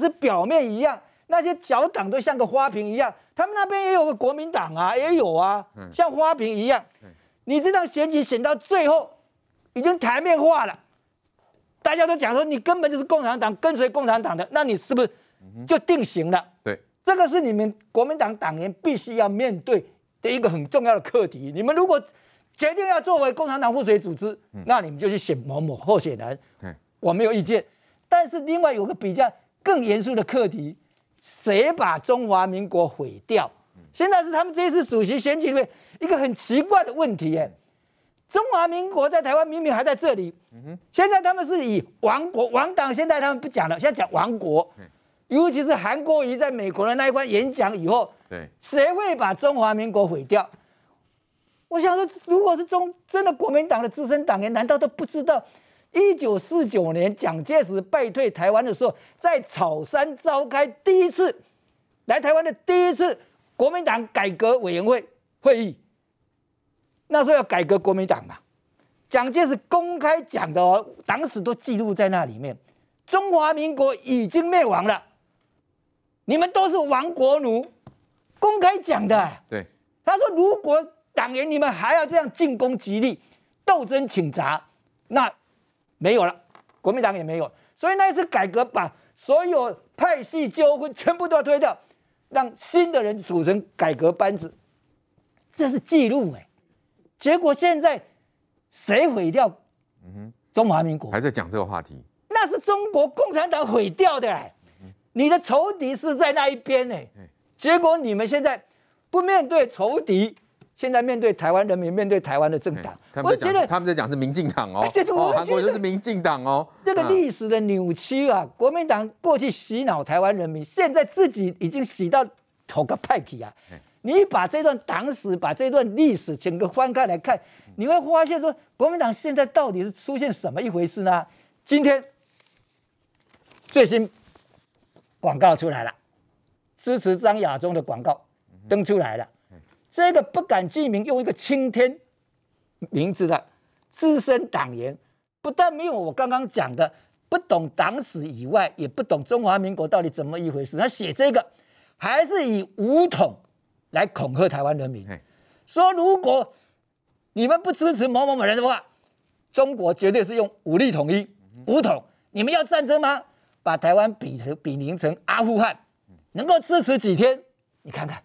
是表面一樣，那些小黨都像個花瓶一樣，他們那邊也有個國民黨啊，也有啊，嗯、像花瓶一樣。嗯、你這場選舉選到最後，已經台面化了，大家都講說你根本就是共產黨跟隨共產黨的，那你是不是就定型了？嗯、對、這個是你們國民黨黨員必須要面對的一個很重要的課題。你們如果決定要作為共產黨附隨組織，嗯、那你們就去選某某候選人。嗯、我沒有意見，但是另外有個比較。更嚴肅的課題，誰把中華民國毀掉？現在是他們這一次主席選舉裡面一個很奇怪的問題、欸、中華民國在台灣明明還在這裡，現在他們是以亡國、亡黨。現在他們不講了，現在講亡國。尤其是韓國瑜在美國的那一關演講以後，誰會把中華民國毀掉？我想說，如果是中真的國民黨的資深黨員，難道都不知道？一九四九年，蔣介石敗退台灣的時候，在草山召開第一次來台灣的第一次國民黨改革委員會會議。那時候要改革國民黨嘛？蔣介石公開講的哦，黨史都記錄在那裡面。中華民國已經滅亡了，你們都是亡國奴。公開講的。對。他說：“如果黨員你們還要這樣進攻吉利鬥爭，請砸。”那沒有了，國民黨也沒有了，所以那一次改革把所有派系糾紛全部都要推掉，讓新的人組成改革班子，這是記錄、欸、結果現在誰毀掉？嗯哼，中華民國還在講這個話題？那是中國共產黨毀掉的，你的仇敵是在那一邊哎、欸。結果你們現在不面對仇敵。現在面對台灣人民，面對台灣的政黨，欸、他們在我覺得他們在講是民進黨哦，韓、欸就是哦、國人就是民進黨哦。這個歷史的扭曲啊，啊國民黨過去洗腦台灣人民，現在自己已經洗到頭個派去啊。你把這段黨史，把這段歷史整個翻開來看，你會發現說，國民黨現在到底是出現什麼一回事呢？今天最新廣告出來了，支持張亞中的廣，的廣告登出來了。這個不敢具名，用一個青天名字的資深黨員，不但沒有我剛剛講的不懂黨史以外，也不懂中華民國到底怎麼一回事。他寫這個，還是以武統來恐嚇台灣人民，嘿說如果你們不支持某某某人的話，中國絕對是用武力統一武統。你們要戰爭嗎？把台灣比成比鄰成阿富汗，能夠支持幾天？你看看。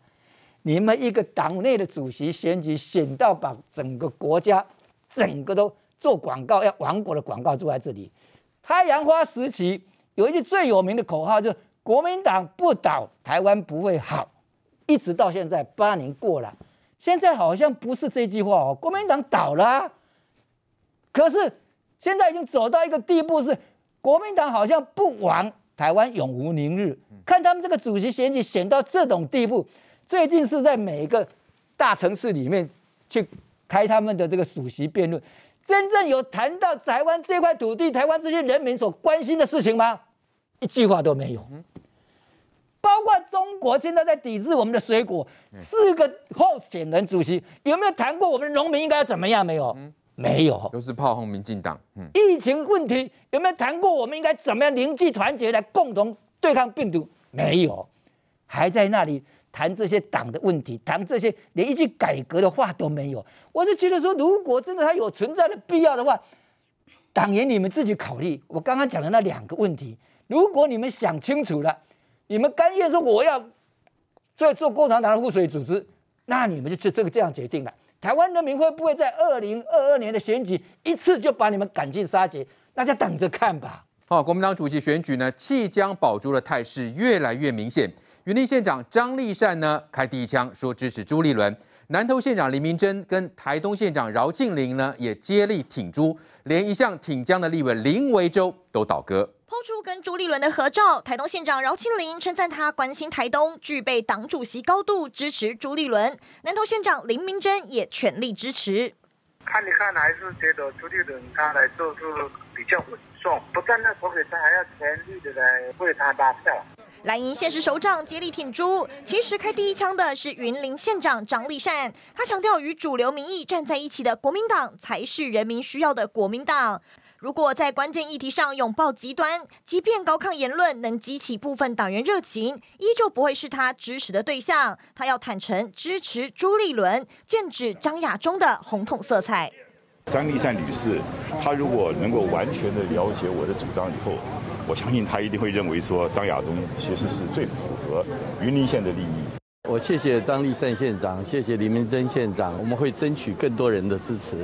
你們一個黨內的主席選舉選到把整個國家、整個都做廣告，要亡國的廣告做在這裡。太陽花時期有一句最有名的口號，就是國民黨不倒，台灣不會好。一直到現在八年過了，現在好像不是這句話哦，國民黨倒了、啊。可是現在已經走到一個地步是，是國民黨好像不亡，台灣永無寧日。嗯、看他們這個主席選舉選到這種地步。最近是在每一個大城市裡面去開他們的這個主席辯論，真正有談到台灣這塊土地、台灣這些人民所關心的事情嗎？一句話都沒有。包括中國現在在抵制我們的水果，嗯、四個候選人主席有沒有談過我們農民應該要怎麼樣？沒有，嗯、沒有，都是炮轟民進黨。嗯、疫情問題有沒有談過我們應該怎麼樣凝聚團結來共同對抗病毒？沒有，還在那裡。談這些黨的問題，談這些連一句改革的話都沒有，我就覺得說，如果真的他有存在的必要的話，黨員你們自己考慮。我剛剛講的那兩個問題，如果你們想清楚了，你們甘願說我要在做，做共產黨的附屬組織，那你們就這這個這樣決定了。台灣人民會不會在二零二二年的選舉一次就把你們趕盡殺絕，那就等着看吧。好、哦，國民黨主席選舉呢，棄江保朱的態勢，越來越明顯。雲林縣長張麗善呢，開第一槍說支持朱立倫。南投縣長林明溱跟台東縣長饒慶鈴呢，也接力挺朱，連一向挺江的立委林維洲都倒戈，拋出跟朱立倫的合照。台東縣長饒慶鈴稱讚他關心台東，具備黨主席高度，支持朱立倫。南投縣長林明溱也全力支持。看你看來是覺得朱立倫他來做是比較穩重，不但在台北他還要全力的來為他拉票。藍營縣市首長接力挺朱，其實開第一槍的是雲林縣長張麗善，他強調與主流民意站在一起的國民黨才是人民需要的國民黨。如果在關鍵議題上擁抱極端，即便高亢言論能激起部分黨員熱情，依舊不會是他支持的對象。他要坦誠支持朱立倫，劍指張亞中的紅統色彩。張麗善女士，她如果能夠完全的了解我的主張以後。我相信他一定會認為說，張亞中其實是最符合雲林縣的利益。我謝謝張麗善縣長，謝謝林明溱縣長，我們會爭取更多人的支持。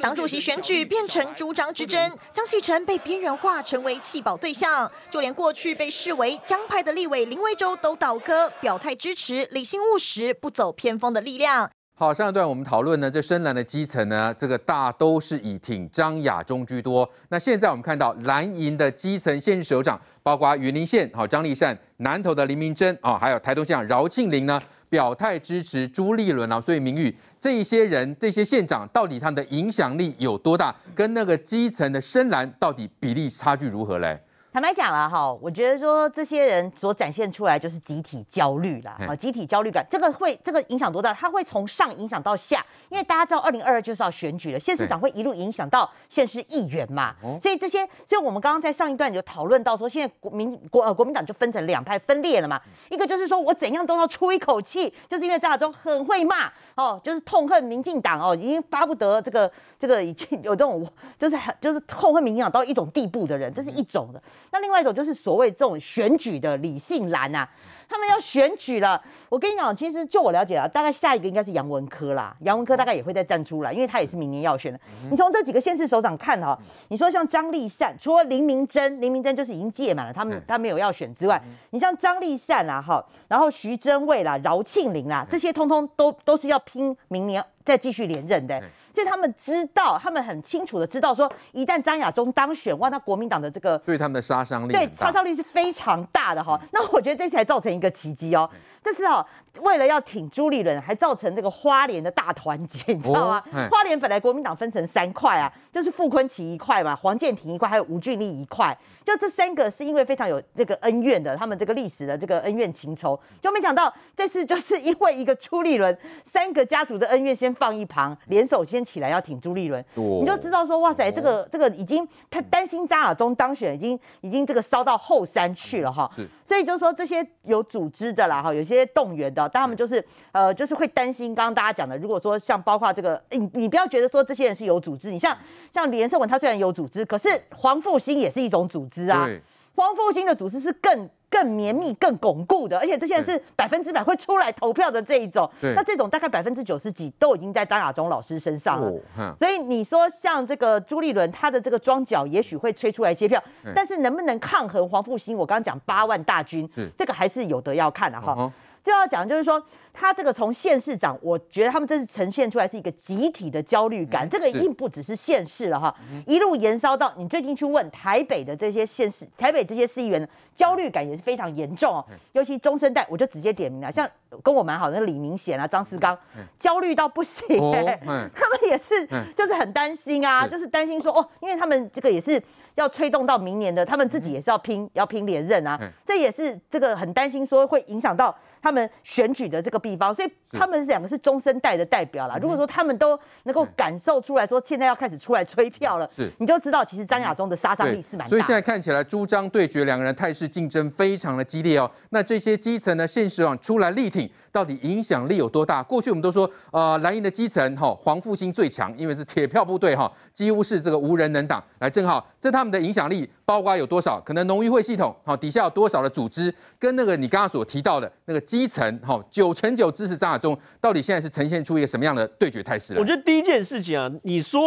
黨主席選舉變成主張之爭，江啟臣被邊緣化，成為棄保對象，就連過去被視為江派的立委林威州都倒戈，表態支持理性務實、不走偏鋒的力量。好，上一段我們討論呢，這深藍的基層呢，這個大都是以挺張亞中居多。那現在我們看到藍營的基層縣市首長，包括雲林縣好張麗善、南投的林明溱、啊、哦，還有台東縣長饒慶鈴呢，表態支持朱立倫啊、哦，所以明玉這一些人，這些縣長到底他的影響力有多大，跟那個基層的深藍到底比例差距如何嘞？坦白講了哈，我覺得說這些人所展現出來就是集體焦慮了，啊，集體焦慮感這個會這個影響多大？它會從上影響到下，因為大家知道二零二二就是要選舉了，縣市長會一路影響到縣市議員嘛。對所以這些，所以我們剛剛在上一段有討論到說，現在國民國、呃、國民黨就分成兩派分裂了嘛，一個就是說我怎樣都要出一口氣，就是因為張亞中很會罵哦，就是痛恨民進黨哦，已經巴不得這個這個已經有這種就是很就是痛恨民進黨到一種地步的人，嗯、這是一種的。那另外一種就是所謂這種選舉的理性藍啊，他們要選舉了。我跟你講，其實就我了解啊，大概下一個應該是楊文科啦。楊文科大概也會再站出來，因為他也是明年要選的。你從這幾個縣市首長看哈、哦，你說像張麗善，除了林明溱，林明溱就是已經屆滿了，他們他沒有要選之外，你像張麗善啊，哈，然後徐榛蔚啦、饒慶鈴啦、啊，這些通通都都是要拼明年，再繼續連任的、欸，所以他們知道，他們很清楚的知道說，說一旦張亞中當選，哇，那國民黨的這個對他們的殺傷力，對殺傷力是非常大的哈。嗯、那我覺得這次還造成一個奇蹟哦，嗯、這次哈、啊。為了要挺朱立倫，還造成這個花蓮的大團結，你知道嗎？哦、花蓮本來國民黨分成三塊啊，就是傅崐萁一塊嘛，黃健庭一塊，還有吳俊立一塊，就這三個是因為非常有這個恩怨的，他們這個歷史的這個恩怨情仇，就沒想到這次就是因為一個朱立倫，三個家族的恩怨先放一旁，聯手先起來要挺朱立倫，哦、你就知道說哇塞，這個這個已經他擔心張亞中當選，已經已經這個燒到後山去了哈，是所以就是說這些有組織的啦哈，有些動員的。但他們就是呃，就是會擔心。剛剛大家講的，如果說像包括這個，你、欸、你不要覺得說，這些人是有組織。你像像連勝文，他雖然有組織，可是黃復興也是一種組織啊。對黃復興的組織是更更綿密、更鞏固的，而且這些人是百分之百會出來投票的這一種。對那這種大概百分之九十幾都已經在張亞中老師身上了。哦、所以你說像這個朱立倫，他的這個樁腳也許會催出來一些票，欸、但是能不能抗衡黃復興？我剛剛講八萬大軍，是這個還是有得要看的、啊、哈。哦哦就要講，就是說，他這個從縣市長，我覺得他們真是呈現出來是一個集體的焦慮感，嗯、這個已經不只是縣市了哈，是一路延燒到你最近去問台北的這些縣市，台北這些市議員焦慮感也是非常嚴重哦，尤其中生代，我就直接點名了，像跟我蠻好的那李明賢啊、張斯綱，焦慮到不行，哦嗯、他們也是，就是很擔心啊，是就是擔心說哦，因為他們這個也是。要推動到明年的，他們自己也是要拼，嗯、要拼連任啊，嗯、這也是這個很擔心說會影響到他們選舉的這個地方，所以他們是兩個是中生代的代表啦。嗯、如果說他們都能夠感受出來說，現在要開始出來催票了，是、嗯、你就知道其實張亞中的殺傷力是蠻大。所以現在看起來朱張對決兩個人態勢競爭非常的激烈哦。那這些基層的現實上出來力挺，到底影響力有多大？過去我們都說，呃，藍營的基層哈黃、哦、復興最強，因為是鐵票部隊哈、哦，幾乎是這個無人能擋。來，正好這趟。正他們他們的影響力包括有多少？可能農漁會系統好，底下有多少的組織，跟那個你剛剛所提到的那個基層好，九成九支持張亞中，到底現在是呈現出一個什麼樣的對決態勢？我覺得第一件事情啊，你說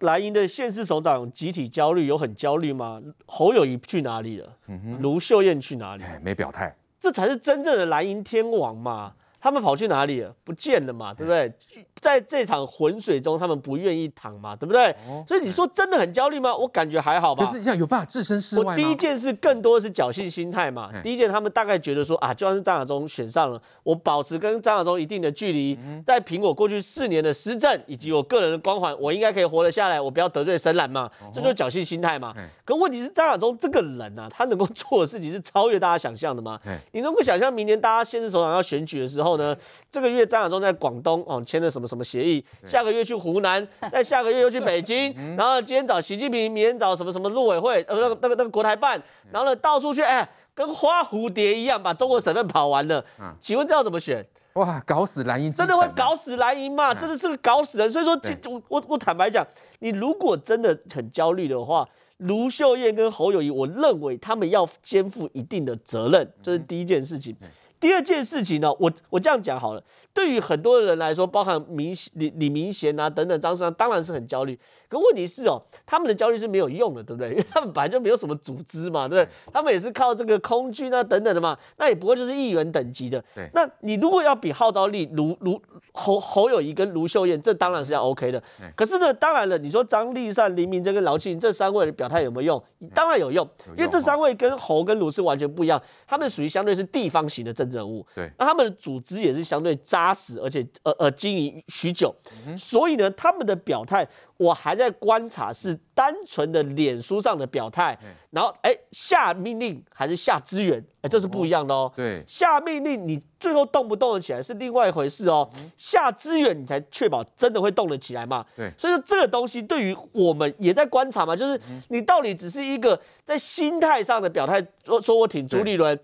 藍營的縣市首長集體焦慮，有很焦慮嗎？侯友宜去哪裡了？盧秀燕去哪裡？嗯、沒表態，這才是真正的藍營天王嘛。他們跑去哪裡了？不見了嘛，對不對？欸、在這場渾水中，他們不願意躺嘛，對不對？哦、所以你說真的很焦慮嗎？我感覺還好吧。可是這樣有辦法置身事外嗎？我第一件事更多的是僥幸心態嘛。欸、第一件，他們大概覺得說啊，就算是張亞中選上了，我保持跟張亞中一定的距離，嗯、在憑我過去四年的施政以及我個人的光環，我應該可以活得下來。我不要得罪深藍嘛，哦、吼這就是僥幸心態嘛。欸、可問題是張亞中這個人啊，他能夠做的事情是超越大家想象的嗎？欸、你能夠想象明年大家現任首長要選舉的時候？然後呢，這個月張亞中在廣東哦簽了什麼什麼協議，對下個月去湖南，再下個月又去北京，嗯、然後今天找習近平，明天找什麼什麼陸委會，呃，那個那個那個國台辦，然後呢到處去，哎，跟花蝴蝶一樣把中國省份跑完了。嗯、請問這要怎麼選？哇，搞死藍營，真的會搞死藍營嘛？嗯、真的是個搞死人。所以說，對我我我坦白講，你如果真的很焦慮的話，盧秀燕跟侯友宜，我認為他們要肩負一定的責任，這、嗯、是第一件事情。嗯第二件事情呢、哦，我我這樣講好了，對於很多人來說，包含明李李明賢啊等等，張善當然是很焦慮。可問題是哦，他們的焦慮是沒有用的，對不對？因為他們本來就沒有什麼組織嘛，對不對？欸、他們也是靠這個空軍啊等等的嘛，那也不過就是議員等級的。對、欸，那你如果要比號召力，盧盧侯侯友宜跟盧秀燕，這當然是要 OK 的。欸、可是呢，當然了，你說張麗善、林明溱這個饒慶鈴這三位的表態有沒有用？當然有用，欸有用哦、因為這三位跟侯跟盧是完全不一樣，他們屬於相對是地方型的政。人物對，那他們的組織也是相對紮實，而且呃呃經營許久，嗯、哼所以呢，他們的表態我還在觀察，是單純的臉書上的表態，嗯、哼然後哎、欸、下命令還是下資源，哎、欸、這是不一樣的哦。嗯、對，下命令你最後動不動得起來是另外一回事哦，下資源你才確保真的會動得起來嘛。對、嗯哼，所以說這個東西對於我們也在觀察嘛，就是你到底只是一個在心態上的表態，說說我挺朱立倫。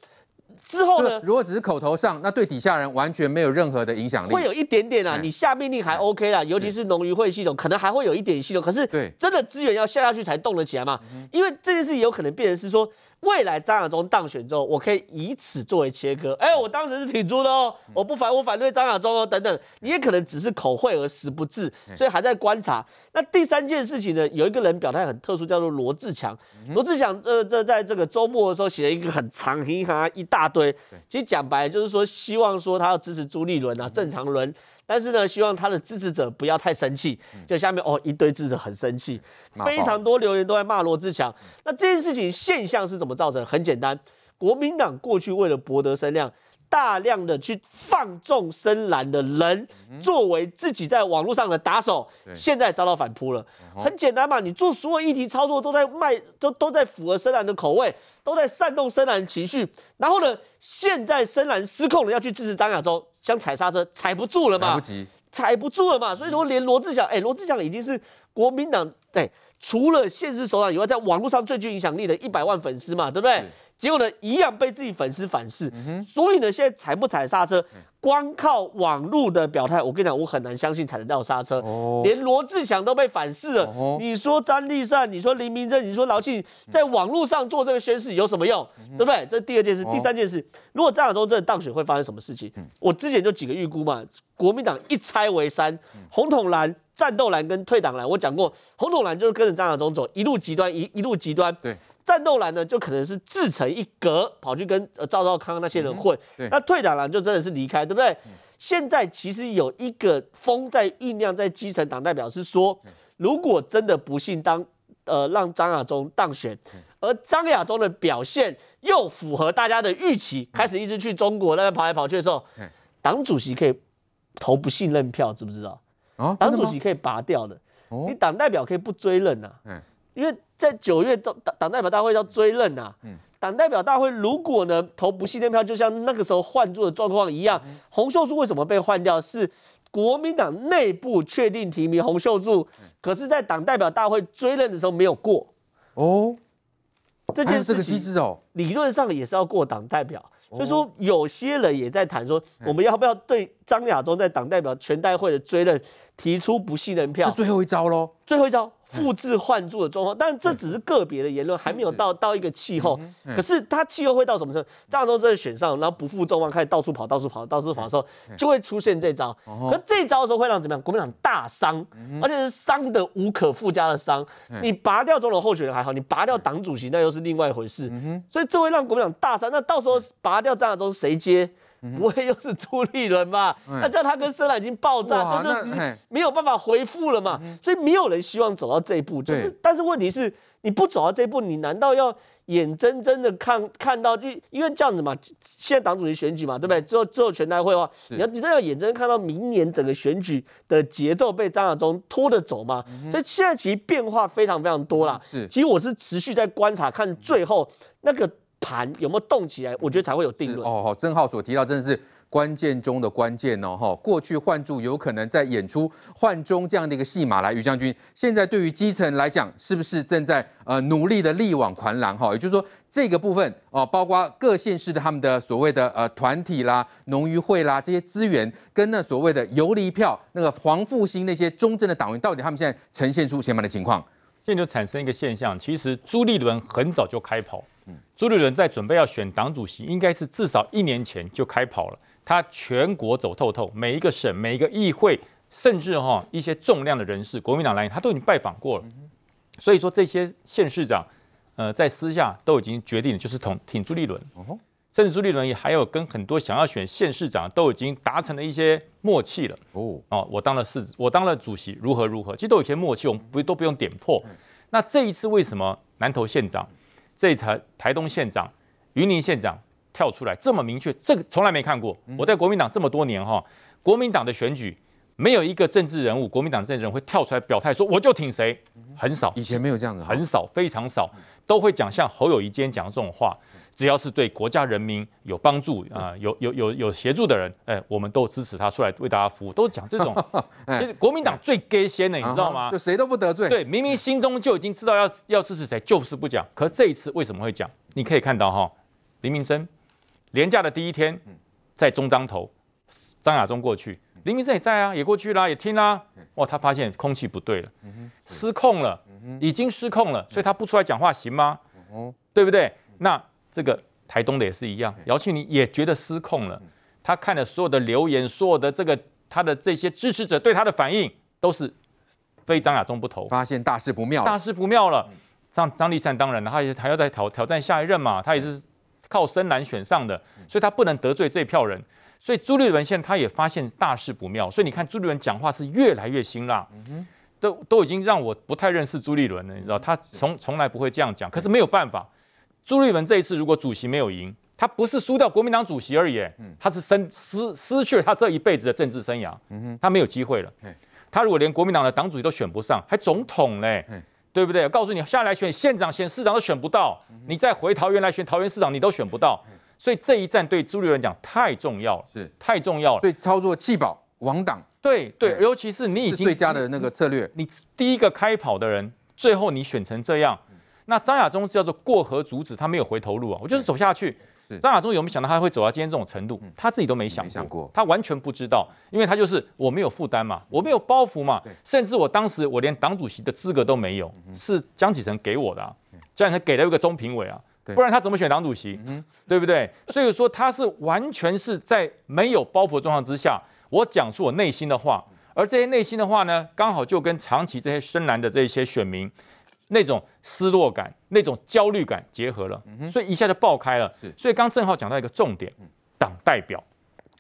之後呢，如果只是口頭上，那對底下人完全沒有任何的影響力，會有一點點啊。嗯、你下命令還 OK 啦，尤其是農漁會系統，嗯、可能還會有一點系統。可是，對真的資源要下下去才動得起來嘛。對因為這件事也有可能變成是說，未來張亞中當選之後，我可以以此作為切割。哎，我當時是挺朱的哦，我不反，我反對張亞中哦。等等，你也可能只是口惠而實不至，所以還在觀察。那第三件事情呢？有一個人表態很特殊，叫做羅智強。羅智強，呃，這這在這個周末的時候寫了一個很長，哈哈一大堆。其實講白就是說，希望說他要支持朱立倫啊，正常倫，但是呢，希望他的支持者不要太生氣。就下面哦，一堆支持者很生氣，非常多留言都在罵羅智強。那這件事情現象是怎麼？造成很簡單，國民黨過去為了博得聲量，大量的去放縱深藍的人作為自己在網絡上的打手，對現在遭到反撲了。後很簡單嘛，你做所有議題操作都在賣，都都在符合深藍的口味，都在煽動深藍的情緒。然後呢，現在深藍失控了，要去支持張亞中，想踩剎車踩不住了嘛？來不及踩不住了嘛？所以說連羅，連羅智強，哎，羅智強已經是國民黨對。欸除了現實首長以外，在網絡上最具影響力的一百萬粉絲嘛，對不對？是結果呢，一樣被自己粉絲反噬。嗯、哼所以呢，現在踩不踩剎車，光靠網絡的表態，我跟你講，我很難相信踩得到剎車。哦、連羅智強都被反噬了。哦、你說張麗善，你說林明溱，你說饒慶鈴，在網絡上做這個宣示有什麼用？嗯、哼對不對？這第二件事，哦、第三件事，如果張亞中真的當選，會發生什麼事情？嗯、我之前就幾個預估嘛，國民黨一拆為三，紅統藍。戰鬥藍跟退黨藍，我講過，紅統藍就是跟着張亞中走，一路極端一一路極端。對，戰鬥藍呢就可能是自成一格，跑去跟呃趙少康那些人混。嗯、對，那退黨藍就真的是離開，對不對？嗯、現在其實有一個風在醞釀，在基層黨代表是說，嗯、如果真的不幸當呃讓張亞中當選，嗯、而張亞中的表現又符合大家的預期，嗯、開始一直去中國那邊跑來跑去的時候，嗯、黨主席可以投不信任票，知不知道？啊，黨、哦、主席，可以拔掉的，哦、你黨代表可以不追認吶、啊，嗯、因為在九月召黨代表大會要追認吶、啊，黨、嗯、代表大會如果呢投不信任票，就像那個時候換柱的狀況一樣，嗯、洪秀柱為什麼被換掉？是國民黨內部確定提名洪秀柱，嗯、可是在黨代表大會追認的時候沒有過，哦。這件事情，理論上也是要過黨代表，哎，這個機制哦、所以說有些人也在談說，我們要不要對張亞中在黨代表全代會的追認提出不信任票？這最後一招嘍，最後一招。複製換柱的狀況，但這只是個別的言論，還沒有到到一個氣候。嗯嗯嗯、可是它氣候會到什麼時候？張亞中真的選上，然後不負眾望開始到處跑，到處跑，到處跑的時候，就會出現這招。可這招的時候會讓怎麼樣？國民黨大傷，而且是傷得無可復加的傷。嗯、哼你拔掉總統候選人還好，你拔掉黨主席、嗯、哼那又是另外一回事。嗯、哼所以這會讓國民黨大傷。那到時候拔掉張亞中誰接？不會又是朱立倫吧？那、嗯、這樣他跟深藍已經爆炸，哇就，就沒有辦法回復了嘛。嗯、所以沒有人希望走到這一步。就是、嗯、但是問題是，你不走到這一步，你難道要眼睜睜的看看到就因為這樣子嘛？現在黨主席選舉嘛，嗯、對不對？最後最後全大會的話，是你要你都要眼睜睜看到明年整個選舉的節奏被張亞中拖着走嘛？嗯、所以現在其實變化非常非常多啦，嗯、其實我是持續在觀察，看最後那個。盤有沒有動起來？我覺得才會有定論。哦，好，正皓所提到真的是關鍵中的關鍵哦。哈、哦，過去換柱有可能在演出換中這樣的一個戲碼來。於將軍，現在對於基層來講，是不是正在呃努力的力挽狂瀾？哈、哦，也就是說這個部分哦，包括各縣市的他們的所謂的呃團體啦、農漁會啦這些資源，跟那所謂的游離票、那個黃復興那些忠正的黨員，到底他們現在呈現出什麼樣的情況？現在就產生一個現象，其實朱立倫很早就開跑。朱立倫在準備要選黨主席，應該是至少一年前就開跑了。他全國走透透，每一個省、每一個議會，甚至哈、哦、一些重量的人士，國民黨來，他都已經拜訪過了。所以說，這些縣市長，呃，在私下都已經決定，就是同挺朱立倫。甚至朱立倫也還有跟很多想要選縣市長都已經達成了一些默契了。哦，哦，我當了市長，我當了主席，如何如何，其實都有一些默契，我們不都不用點破。那這一次為什麼南投縣長？這台台東縣長、雲林縣長跳出來這麼明確，這個從來沒看過。我在國民黨這麼多年哈，國民黨的選舉沒有一個政治人物，國民黨的政治人物會跳出來表態說我就挺誰，很少。以前沒有這樣的、哦，很少，非常少，都會講像侯友宜今天講的這種話。只要是對國家人民有幫助啊、呃，有有有有協助的人，哎、欸，我們都支持他出來為大家服務，都講這種。其實、欸、國民黨最假仙的，你知道嗎？啊、就誰都不得罪。對，明明心中就已經知道要要支持誰，就是不講。可是這一次為什麼會講？你可以看到哈，林明溱，連假的第一天，在中彰投，張亞中過去，林明溱也在啊，也過去啦，也聽啦。哇，他發現空氣不對了，失控了，已經失控了，所以他不出來講話行嗎？對不對？那。這個台東的也是一樣，饒慶鈴也覺得失控了。他看了所有的留言，所有的這個他的這些支持者對他的反應，都是非張亞中不投，發現大事不妙，大事不妙了。張張麗善當然了，他他要再挑挑戰下一任嘛，他也是靠深藍選上的，嗯、所以他不能得罪這票人。所以朱立倫現在他也發現大事不妙，所以你看朱立倫講話是越來越辛辣，嗯、哼都都已經讓我不太認識朱立倫了，你知道他從從來不會這樣講，可是沒有辦法。嗯嗯朱立倫這一次，如果主席沒有贏，他不是輸掉國民黨主席而已,他是失失失去了他這一輩子的政治生涯，他沒有機會了。他如果連國民黨的黨主席都選不上，還總統嘞？對不對？我告訴你，下來選縣長、選市長都選不到，你再回桃園來選桃園市長，你都選不到。所以這一戰對朱立倫講太重要了，是太重要了。對，操作棄保亡黨。對對，尤其是你已經最佳的那個策略，你第一個開跑的人，最後你選成這樣。那張亞中叫做過河卒子，他沒有回頭路啊！我就是走下去。張亞中有沒有想到他會走到今天這種程度？他自己都沒想過，他完全不知道，因為他就是我沒有負擔嘛，我沒有包袱嘛。甚至我當時我連黨主席的資格都沒有，是江啟臣給我的啊。江啟臣給了一個中評委啊，不然他怎麼選黨主席？對不對？所以說他是完全是在沒有包袱狀況之下，我講出我內心的話，而這些內心的話呢，剛好就跟長期這些深藍的這些選民，那種失落感、那種焦慮感結合了，嗯、哼所以一下就爆開了。是所以剛剛正好講到一個重點，黨代表。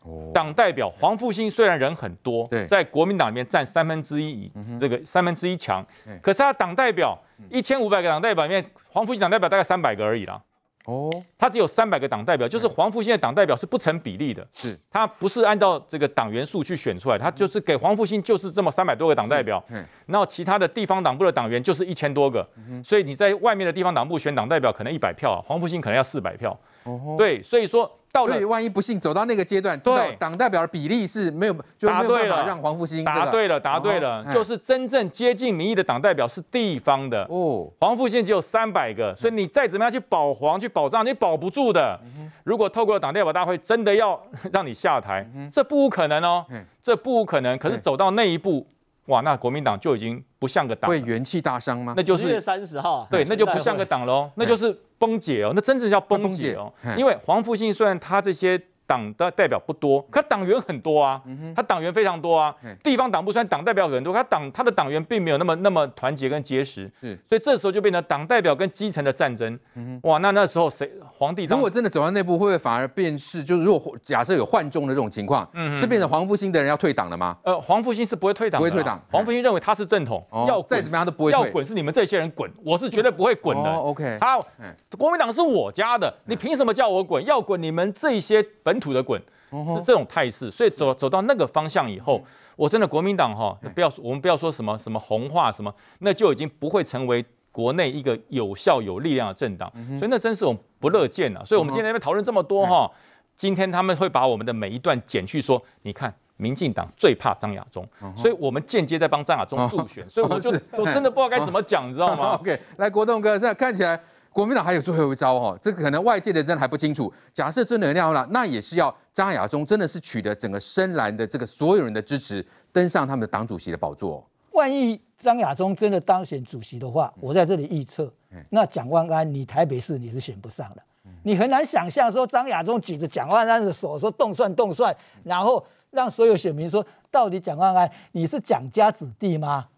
哦、黨代表黃復興雖然人很多，對在國民黨裡面占三分之一、嗯哼，這個三分之一強。嗯、哼可是他黨代表一千五百個黨代表裡面，黃復興黨代表大概三百個而已啦。哦，他只有三百個黨代表，就是黃復興的黨代表是不成比例的，是，他不是按照這個黨員數去選出來，他就是給黃復興就是這麼三百多個黨代表，嗯是，然後其他的地方黨部的黨員就是一千多個，嗯、哼所以你在外面的地方黨部選黨代表可能一百票，黃復興可能要四百票。對，所以說，到了萬一不幸走到那個階段，知道黨代表的比例是沒有，就沒有辦法讓黃復興。答對了，答對了，就是真正接近民意的黨代表是地方的。黃復興只有三百個，所以你再怎麼樣去保黃去保障，你保不住的。如果透過黨代表大會真的要讓你下台，這不可能哦，這不可能。可是走到那一步，哇，那國民黨就已經。不像個黨，會元氣大傷嗎？那就是十月三十號，對，嗯、那就不像個黨嘍、哦，嗯、那就是崩解哦，嗯、那真正叫崩解哦。解因為黃復興雖然他這些。黨的代表不多，可黨員很多啊。他黨員非常多啊。地方黨部雖然黨代表很多，他黨他的黨員並沒有那麼那麼團結跟結實。所以這時候就變成黨代表跟基層的戰爭。哇，那那時候誰皇帝當？如果真的走到內部，會不會反而變是？就是如果假設有換中的這種情況，是變成黃復興的人要退黨了嗎？呃，黃復興是不會退黨，不會退黨。黃復興認為他是正統，要再怎麼樣都不會要滾，是你們這些人滾，我是絕對不會滾的。OK，好，國民黨是我家的，你憑什麼叫我滾？要滾你們這些本土。土的滾是這種態勢，所以走走到那個方向以後，我真的國民黨哈，不要我們不要說什麼什麼紅化什麼，那就已經不會成為國內一個有效有力量的政黨，所以那真是我們不樂見了，所以我們今天在討論這麼多哈，今天他們會把我們的每一段剪去，說你看，民進黨最怕張亞中，所以我們間接在幫張亞中助選，所以我就我真的不知道該怎麼講，你知道嗎？OK，來國棟哥，這樣看起來。國民黨還有最後一招哈、哦，這個可能外界的人還不清楚。假設正能量了，那也是要張亞中真的是取得整個深藍的這個所有人的支持，登上他們的黨主席的寶座。萬一張亞中真的當選主席的話，我在這裡預測，嗯嗯、那蔣萬安你台北市你是選不上的，嗯、你很難想象說張亞中舉着蔣萬安的手說動算動算，然後讓所有選民說到底蔣萬安你是蔣家子弟嗎？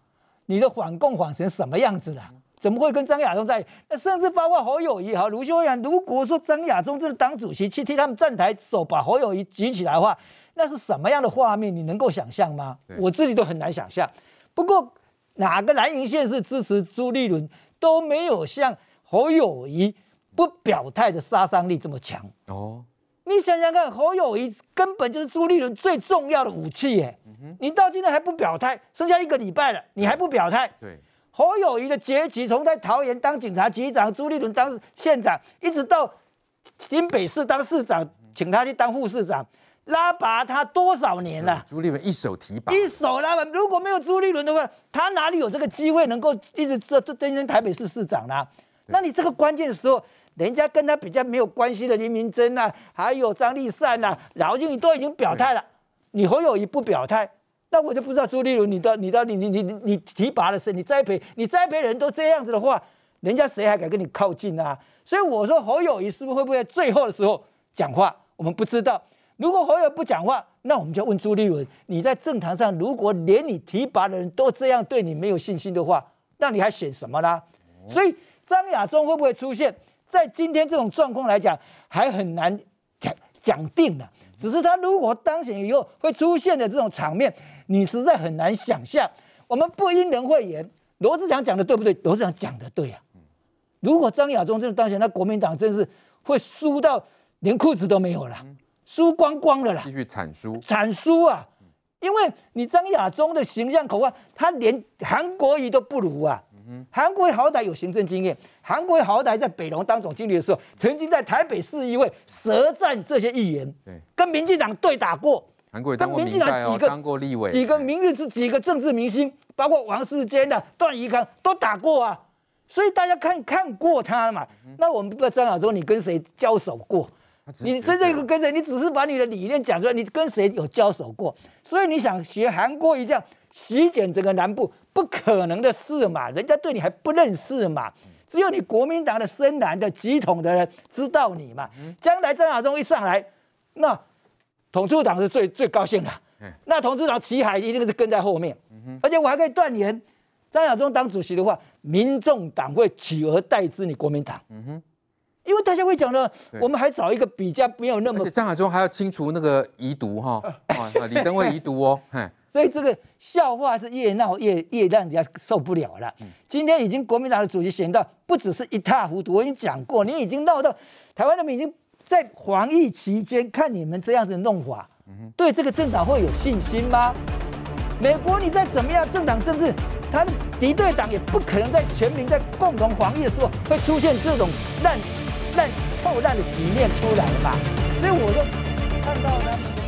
你的反共反成什麼樣子了？怎麼會跟張亞中在？那甚至包括侯友宜哈、盧秀燕。如果說張亞中這個黨主席去替他們站台，手把侯友宜舉起來的話，那是什麼樣的畫面？你能夠想象嗎？對我自己都很難想象。不過，哪個藍營縣市支持朱立倫，都沒有像侯友宜不表態的殺傷力這麼強哦。你想想看，侯友宜根本就是朱立倫最重要的武器耶。嗯、哼你到今天還不表態，剩下一個禮拜了，對你還不表態，侯友宜的崛起，從在桃園當警察局長，朱立倫當縣長，一直到新北市當市長，請他去當副市長，拉拔他多少年了、啊？朱立倫一手提拔，一手拉拔。如果沒有朱立倫的話，他哪裡有這個機會能夠一直做做擔任台北市市長呢、啊？對那你這個關鍵的時候，人家跟他比較沒有關係的林明溱啊，還有張麗善啊、饒慶鈴你都已經表態了，對你侯友宜不表態？那我就不知道朱立倫，你到你到你你你你提拔的時候，你栽培，你栽培人都這樣子的話，人家誰還敢跟你靠近啊？所以我說侯友宜是不是會不會在最後的時候講話？我們不知道。如果侯友不講話，那我們就問朱立倫：你在政壇上，如果連你提拔的人都這樣對你沒有信心的話，那你還選什麼啦？所以張亞中會不會出現在今天這種狀況來講，還很難講講定了。只是他如果當選以後會出現的這種場面。你實在很難想象，我們不因人貴言。羅智強講的對不對？羅智強講的對呀、啊。如果張亞中真的當選，那國民黨真是會輸到連褲子都沒有了，輸光光了啦。繼續慘輸。慘輸啊！因為你張亞中的形象、口啊，他連韓國瑜都不如啊。韓國瑜好歹有行政經驗，韓國瑜好歹在北農當總經理的時候，曾經在台北市議會舌戰這些議員，對跟民進黨對打過。跟民進黨幾個幾個明日之幾個政治明星，包括王世堅的、啊、段宜康都打過啊，所以大家看，看，看過他嘛？嗯、哼那我們不知道張亞中，你跟誰交手過？你真正跟誰？你只是把你的理念講出來，你跟誰有交手過？所以你想學韓國一樣席捲整個南部，不可能的事嘛？人家對你還不認識嘛？只有你國民黨的深藍的集統的人知道你嘛？將來張亞中一上來，那。統治黨是最最高興的，嘿那統治黨齊海一定是跟在後面，嗯、哼而且我還可以斷言，張亞中當主席的話，民眾黨會取而代之你國民黨，嗯、哼因為大家會講呢，對我們還找一個比較沒有那麼，張亞中還要清除那個遺毒哈、哦，啊、哦哦，李登輝遺毒哦， 嘿所以這個笑話是越鬧越越讓人家受不了了。嗯、今天已經國民黨的主席選到，不只是一塌糊塗，我已經講過，你已經鬧到台灣人民已經。在防疫期間，看你們這樣子弄法，對這個政黨會有信心嗎？美國，你再怎麼樣政黨政治，他的敵對黨也不可能在全民在共同防疫的時候會出現這種爛、爛臭爛的局面出來了吧？所以，我就看到呢。